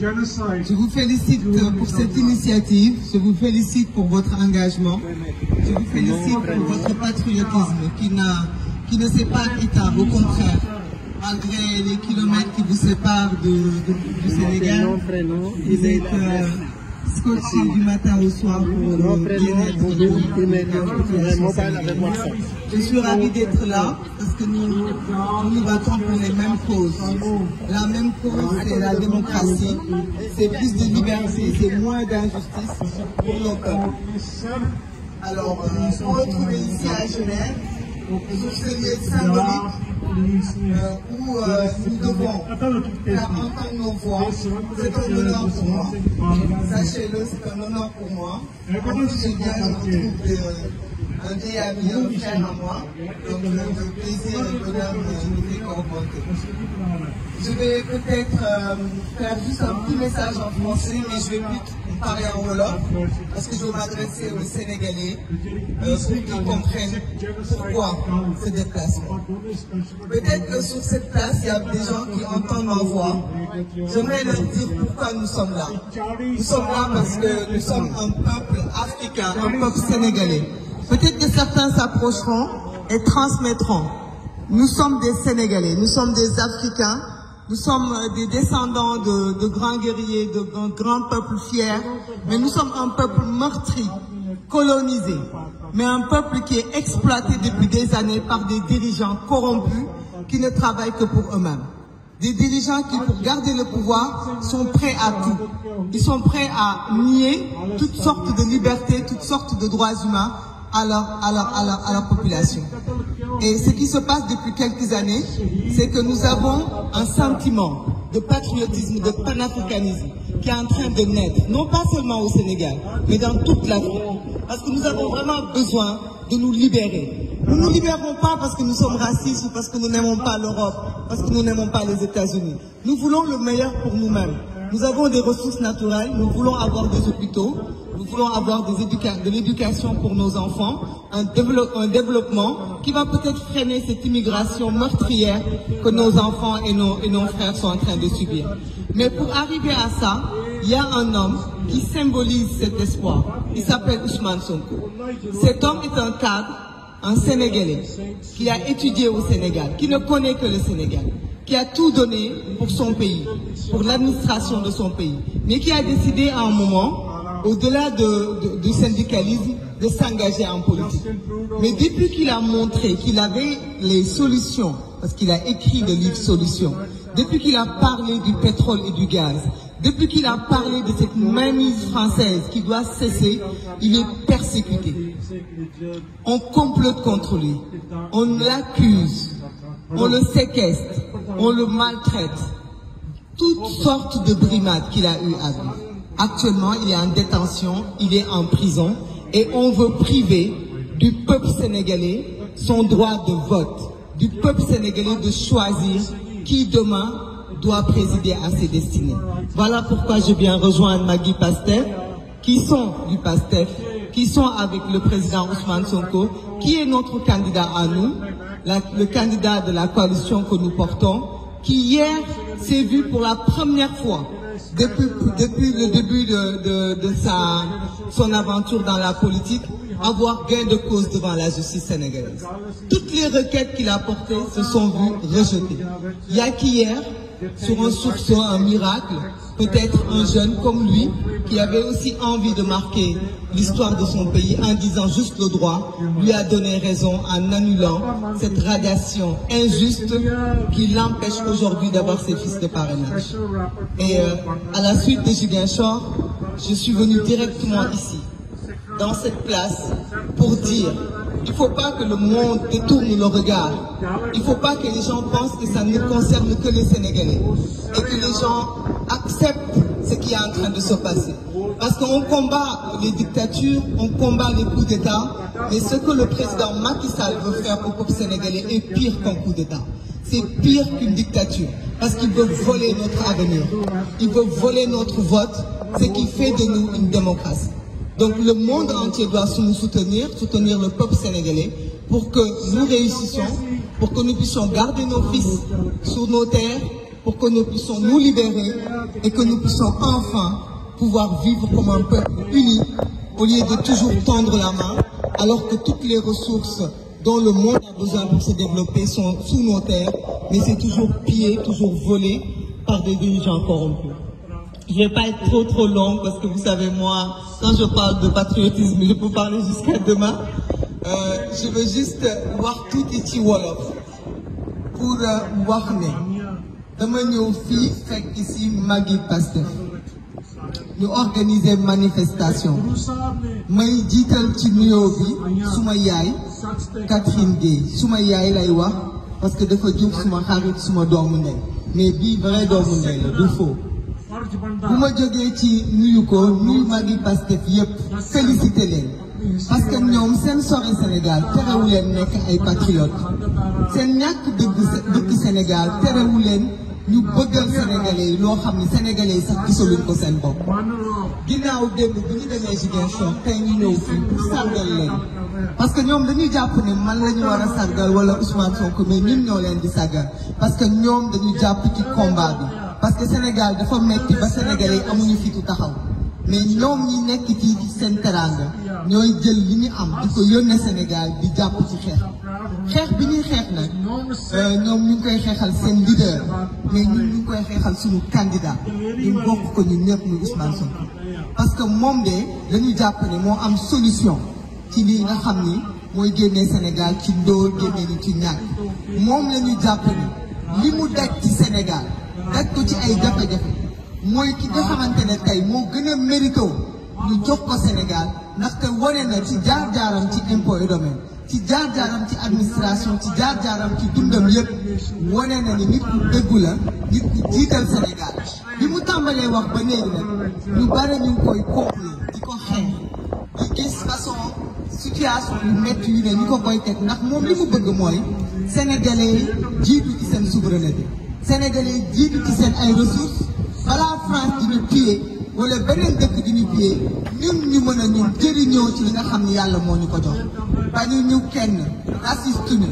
Je vous félicite pour cette initiative, je vous félicite pour votre engagement, je vous félicite pour votre patriotisme qui ne s'est pas éteint, au contraire, malgré les kilomètres qui vous séparent du Sénégal. Vous êtes, euh, scotché du matin au soir pour le euh, bien-être. Je suis ravie d'être là parce que nous nous battons pour les mêmes causes. La même cause, c'est la démocratie, c'est plus de moins d'injustice pour nos peuples. Alors, euh, on se retrouve ici à Genève, sur ce lieu symbolique euh, où euh, nous devons faire entendre nos voix. C'est un honneur pour moi. Sachez-le, c'est un honneur pour moi. Quand je viens, je retrouve un vieil ami, un frère à moi. Donc le plaisir et l'honneur ne fait qu'augmenter. Je parler en wolof parce que je veux m'adresser aux Sénégalais euh, Peut-être que sur cette place, il y a des gens qui entendent ma voix. J'aimerais leur dire pourquoi Nous sommes là parce que nous sommes un peuple africain, un peuple sénégalais. Peut-être que certains s'approcheront et transmettront. Nous sommes des Sénégalais, nous sommes des Africains. Nous sommes des descendants de, de grands guerriers, de, de grands peuples fiers, mais nous sommes un peuple meurtri, colonisé, mais un peuple qui est exploité depuis des années par des dirigeants corrompus qui ne travaillent que pour eux-mêmes. Des dirigeants qui, pour garder le pouvoir, sont prêts à tout. Ils sont prêts à nier toutes sortes de libertés, toutes sortes de droits humains à leur, à leur, à leur, à leur population. Et ce qui se passe depuis quelques années, c'est que nous avons un sentiment de patriotisme, de panafricanisme qui est en train de naître, non pas seulement au Sénégal, mais dans toute l'Afrique. Parce que nous avons vraiment besoin de nous libérer. Nous ne libérons pas parce que nous sommes racistes parce que nous n'aimons pas l'Europe, parce que nous n'aimons pas les États-Unis. Nous voulons le meilleur pour nous-mêmes. Nous avons des ressources naturelles, Nous voulons avoir des éduca de l'éducation pour nos enfants, un, développement qui va peut-être freiner cette immigration meurtrière que nos enfants et nos, frères sont en train de subir. Mais pour arriver à ça, il y a un homme qui symbolise cet espoir. Il s'appelle Ousmane Sonko. Cet homme est un cadre, un Sénégalais, qui a étudié au Sénégal, qui ne connaît que le Sénégal, qui a tout donné pour son pays, pour l'administration de son pays, mais qui a décidé à un au-delà de, de, du syndicalisme, de s'engager en politique. Mais depuis qu'il a montré qu'il avait les solutions, parce qu'il a écrit le livre Solutions, depuis qu'il a parlé du pétrole et du gaz, depuis qu'il a parlé de cette mainmise française qui doit cesser, il est persécuté. On complote contre lui, on l'accuse, on le séquestre, on le maltraite. Toutes sortes de brimades qu'il a eu à Actuellement, il est en détention, il est en prison et on veut priver du peuple sénégalais son droit de vote, du peuple sénégalais de choisir qui demain doit présider à ses destinées. Voilà pourquoi je viens rejoindre Magui Pastef, qui sont du Pastef, qui sont avec le président Ousmane Sonko, qui est notre candidat à nous, la, le candidat de la coalition que nous portons, qui hier s'est vu pour la première fois depuis, le début de, de, de sa, son aventure dans la politique, avoir gain de cause devant la justice sénégalaise. Toutes les requêtes qu'il a portées se sont vues rejetées. Il y a qu'hier, sur un soupçon, un miracle, peut-être un jeune comme lui qui avait aussi envie de marquer l'histoire de son pays en disant juste le droit, lui a donné raison en annulant cette radiation injuste qui l'empêche aujourd'hui d'avoir ses fils de parrainage. Et euh, à la suite de Julien Chor, je suis venu directement ici, dans cette place, pour dire il ne faut pas que le monde détourne le regard. Il ne faut pas que les gens pensent que ça ne concerne que les Sénégalais et que les gens acceptent ce qui est en train de se passer. Parce qu'on combat les dictatures, on combat les coups d'État, mais ce que le président Macky Sall veut faire au peuple coup d'État. C'est pire qu'une dictature, parce qu'il veut voler notre avenir. Il veut voler notre vote, ce qui fait de nous une démocratie. Donc le monde entier doit nous soutenir, soutenir le peuple sénégalais, pour que nous réussissions, pour que nous puissions garder nos fils sur nos terres, pour que nous puissions nous libérer et que nous puissions enfin pouvoir vivre comme un peuple uni au lieu de toujours tendre la main alors que toutes les ressources dont le monde a besoin pour se développer sont sous nos mais c'est toujours pillé, toujours volé par des dirigeants corrompus. Je ne pas être trop trop long parce que vous savez moi, quand je parle de patriotisme, je euh, veux juste wax tuuti ci wolof pour euh, wax ne dama ñëw fii fekk ci magi Pastef ñu organiser manifestation may jiital ci nuyoo bi suma yaay Catherine Gueye suma yaay lay wax parce que dafa jub suma xarit suma doomu ndey mais bii vrai doomu ndey la du faux bu ma jógee ci nuyu ko nuyu magi Pastef yépp félicité leen parce ñoom seen sori Sénégal terewu leen nekk ay patriote seen ñàkk dëgg dëkk Sénégal terewu leen ñu bëggal sénégalais yi loo xam ne sénégalais yi sax gisaluñ ko seen bopp. ginnaaw démb bi ñu demee Ziguinchor tey ñu ñëw fii pour sargal leen parce que ñoom dañuy jàpp ne man la ñu war a sargal wala Ousmane Sonko ñoo leen di sargal parce que ñoom dañuy jàpp ci combat bi parce que Sénégal dafa metti ba sénégalais am ñu fitu taxaw. mais ñoom ñi nekk fii seen teranga ñooy jël li ñu am di ko yónnee Sénégal di jàpp ci xeex xeex bi ñuy xeex nag euh, ñoom ñu ngi koy xeexal seen leader mais ñun ñu ngi koy xeexal suñu candidat ñu bokk ko ñun ñëpp ñu Ousmane Sonko parce que moom de dañu jàpp ne moo am solution ci lii nga xam ni mooy génnee Sénégal ci ndóol génne ñu ci ñàkk moom la jàpp ni li mu daj ci Sénégal daj ko ci ay jafe-jafe mooy kii nga xamante ne tey moo gën a mérité ñu jox ko Sénégal ndaxte wane na ci jaar-jaaram ci impôt et ci jaar-jaaram ci administration ci jaar-jaaram ci dundam yëpp wane na ni nit ku dëggu la nit ku jiital Sénégal bi mu tàmbalee wax ba léegi nag ñu bare koy complé di ko xeex di gis façon situation yu métti yu ne ñu ko koy teg ndax moom li mu bëgg mooy sénégalais jiitu ci seen souveraineté sénégalais yi jiitu ci seen ay France dina téye wala beneen dëkk dina téye ñun ñu mën a jëriñoo ci li xam ne yàlla moo ñu ko jox bañu ñu kenn raciste ñu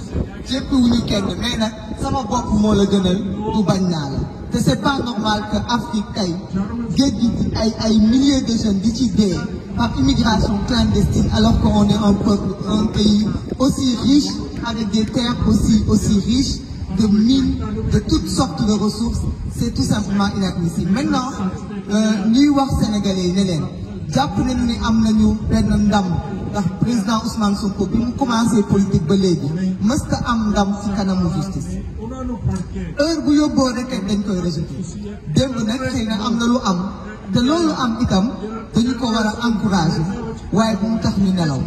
jéppiwuñu kenn mais sama bopp moo la gënal du bañ naa la te c'est pas normal que Afrique tey géej ay ay milliers de jeunes di ci dee par immigration clandestine alors qu'on est un peuple un pays aussi riche avec des terres aussi aussi riches de mines, de toutes sortes de ressources c'est tout simplement inadmissible maintenant euh, ñuy wax sénégalais yi ne leen jàpp nañu ni am nañu benn ndam ndax président Ousmane Sonko bi mu commencé politique ba léegi mës ka am ndam ci kanamu justice heure bu yóbboo rek dañ koy rejeté démb nag xëy na am na lu am te loolu am itam dañu ko war a encouragé waaye bu mu tax ñu nelaw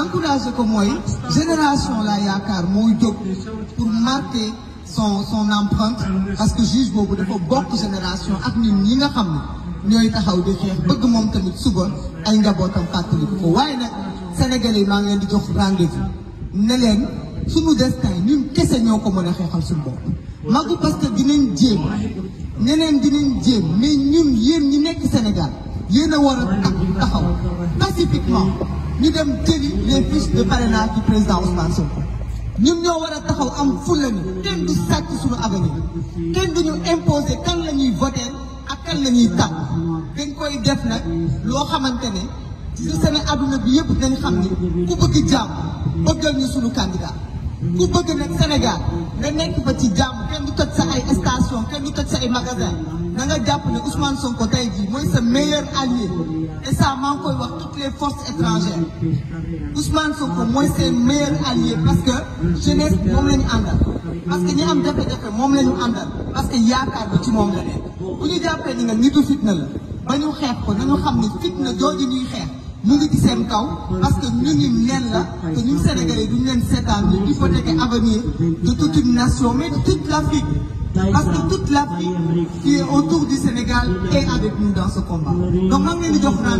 encouragé ko mooy génération la yaakaar mooy jóg pour marquer. son son empreinte parce que juge boobu dafa bokk génération ak ñun ñi nga xam ne ñooy taxaw di xeex bëgg moom tamit suba ay njabootam fàttali ko waaye nag sénégalais maa ngi leen di jox rendez-vous ne leen suñu destin ñun kese ñoo ko mën a xeexal suñu bopp. magu parce que dinañ jéem ñeneen dinañ jéem mais ñun yéen ñi nekk Sénégal yéen a war a takk taxaw pacifiquement ñu dem jëli les fiches de parrainage du président Ousmane Sonko. ñun ñoo war a taxaw am fulla ni kenn du sàcc suñu avenir kenn duñu imposer kan la ñuy voter ak kan la ñuy tànn dañ koy def nag loo xamante ne ci seen adduna bi yëpp dañ xam ni ku bëgg jàmm bëggal ñu suñu candidat ku bëgg nag Sénégal nga nekk fa ci jàmm kenn du toj sa ay station kenn du toj sa ay magasin na nga jàpp ne Ousmane ko tey jii mooy sa meilleur allié et ça maa ngi koy wax toutes les forces étrangères Ousmane Sonko mooy seen meilleur allié parce que jeunesse moom la ñu àndal parce que ñi am jafe-jafe moom la ñu àndal parce que yaakaar bi ci moom la nekk bu ñu jàppee ni nga nitu fitna la ba ñu xeex ko nañu xam ne fitna jooju ñuy xeex mu ngi ci seen kaw parce que ñu ngi leen la te ñun Sénégalais duñu leen seetaan ñu hypothéquer avenir de toute une nation mais de parce que toute l'Afrique qui est autour du Sénégal est avec nous dans ce combat donc maa ngi leen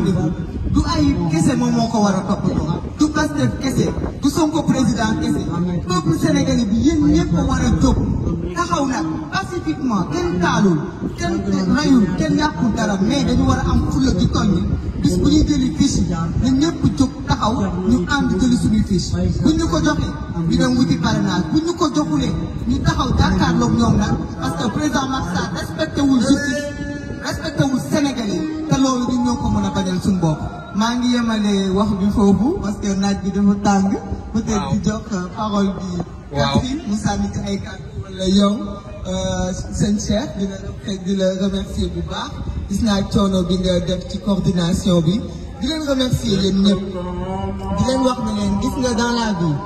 di jox du ay kese moom moo ko war a toppatoo du Pastef kese du Sonko président kese peuple sénégalais bi yéen ñëpp a war a jóg taxaw nag kenn taalul kenn rayul kenn yàqul dara mais dañu a am fulla ci toñ bis bu ñuy jëli fiche ñun ñëpp jóg taxaw ñu ànd jëli suñuy fiche buñ ñu ko joxee ñu dem wuti parrainage buñ ñu ko joxulee ñu taxaw jàkkaarloog ñoom nag parce que président Macky Sall respecté wul justice respecté te loolu ñun ñoo ko mën a bañal suñu bopp. maa ngi yemale wax bi foofu parce que naaj bi dafa tàng. peut-être di jox euh, parole bi. waaw Catherine mu ci ay kàddu wala yow euh, sëñ Cheikh di la di la remercier bu baax. gis naa coono bi nga def ci coordination bi di leen remercier yéen ñëpp di wax ne leen gis nga dans la vie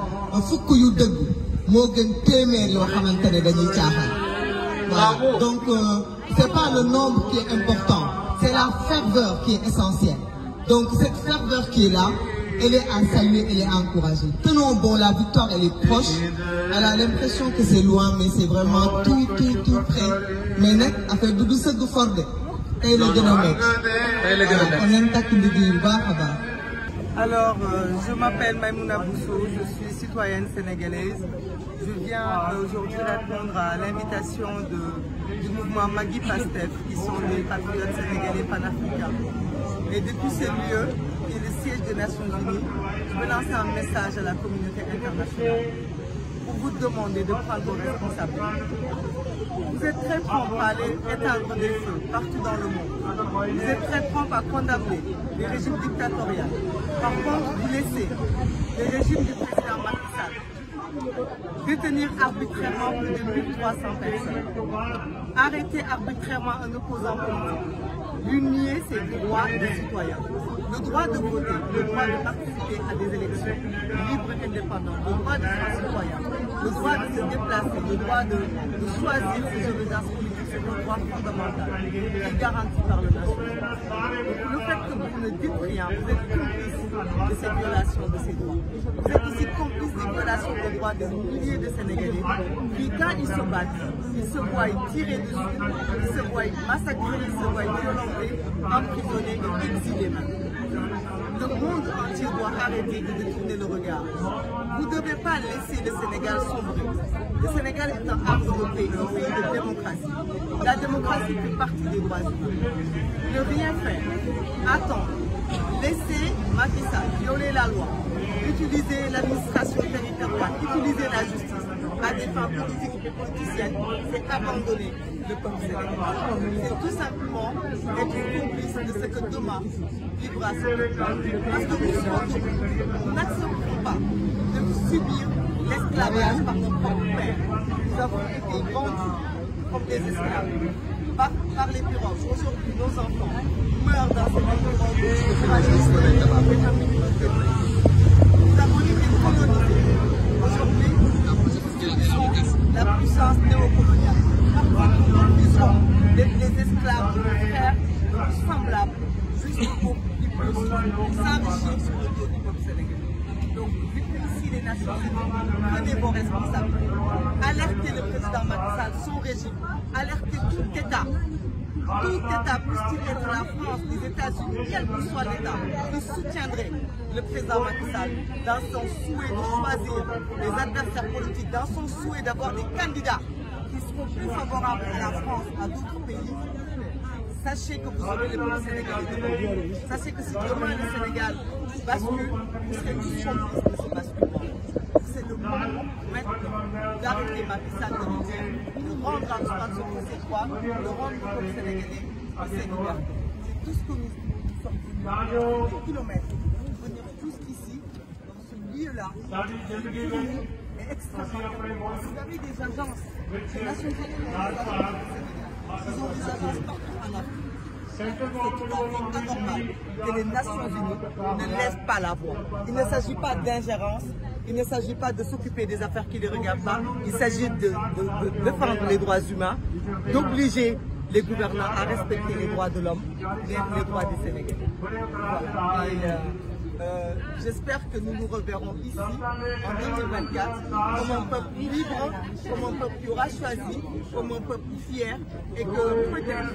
fukk yu dëgg moo gën téeméer yoo xamante ne dañuy caaxaan waaw donc euh, c'est pas le nombre qui est important c'est la ferveur qui est essentielle donc cette ferveur qui est là elle est à saluer elle est à tenons bon la victoire elle est proche elle a l'impression que c'est loin mais c'est vraiment tout tout près mais nag affaire du du sëgg tey la gën a la euh, je m'appelle Maïmouna Bousso, je suis citoyenne sénégalaise. Je viens aujourd'hui l'invitation du mouvement Magui Pastef, qui sont les patriotes sénégalais panafricains. Et depuis ces lieux, et le siège des Nations Unies, je veux lancer un message à la communauté internationale. vous demander de prendre vos êtes très prompt à aller éteindre des feux partout dans le monde. Vous êtes très prompt à condamner les régimes dictatoriaux. Par vous laissez le régime du président Macky Sall détenir arbitrairement plus de 1300 personnes, arrêter arbitrairement un opposant politique, lui nier ses droits des citoyens. le droit de voter, le droit de participer à des élections libres et le droit de se citoyen, le droit de se déplacer, le droit de, choisir ses orientations politiques, c'est droit fondamental qui est par le national. Donc le fait que vous ne de cette violation de ces droits. Vous êtes complice des violations des droits des milliers de Sénégalais qui, quand ils se battent, ils se voient tirer se voient massacrer, se voient violenter, emprisonnés et exilés Le monde entier doit arrêter de détourner le regard. Vous devez pas laisser le Sénégal sombrer. Le Sénégal est un arbre de paix, un pays de démocratie. La démocratie fait partie des droits humains. Ne rien faire, attendre, laisser Macky Sall violer la loi, utiliser l'administration territoriale, utiliser la justice à des fins politiques et politiciennes, c'est le peuple sénégalais. C'est tout simplement être complice de ce que demain vivra ce peuple. Parce que nous nous n'acceptons pas de subir l'esclavage par nos propres pères. Nous avons été vendus comme des esclaves par, par les pirogues. Aujourd'hui, nos enfants meurent dans ces pirogues tragiques de Nous avons été colonisés. Aujourd'hui, nous subissons la puissance néocoloniale. des, des esclaves, des frères semblables, juste pour qu'ils puissent s'enrichir sur le dos du peuple sénégalais. Donc, ici les vos responsabilités. Alertez le président Macky son régime, alertez tout État. Tout État, puisse-t-il États-Unis, quel que l'État, qui soutiendrait le président Macky dans son souhait de choisir les adversaires politiques, dans son souhait d'avoir des candidats qui seront plus favorables à la France, à d'autres pays, sachez que vous serez les bons Sénégalais. Sachez que si demain le Sénégal bascule, vous serez tous champistes de ce basculement. C'est le moment maintenant d'arrêter ma pissade de l'idée, de rendre à Ousmane ce qu'on sait quoi, de rendre le peuple sénégalais et ses libertés. C'est tout ce que nous, nous sommes venus, des kilomètres, venir tous ici, dans ce lieu-là, Vous avez des agences. La nationalité, ils ne laissent pas la voie. Il ne s'agit pas d'ingérence, il ne s'agit pas de s'occuper des affaires qui les regardent pas. Il s'agit de, défendre les droits humains, d'obliger les gouvernants à respecter les droits de l'homme, les droits des Sénégalais. Euh, J'espère que nous nous reverrons ici en 2024 comme un peuple libre, comme un peuple qui choisi, comme un peuple fier et que peut-être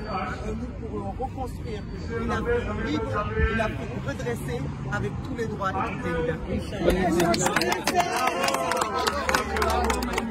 nous pourrons reconstruire une Afrique libre, une Afrique redressée avec tous les droits et toutes les libertés.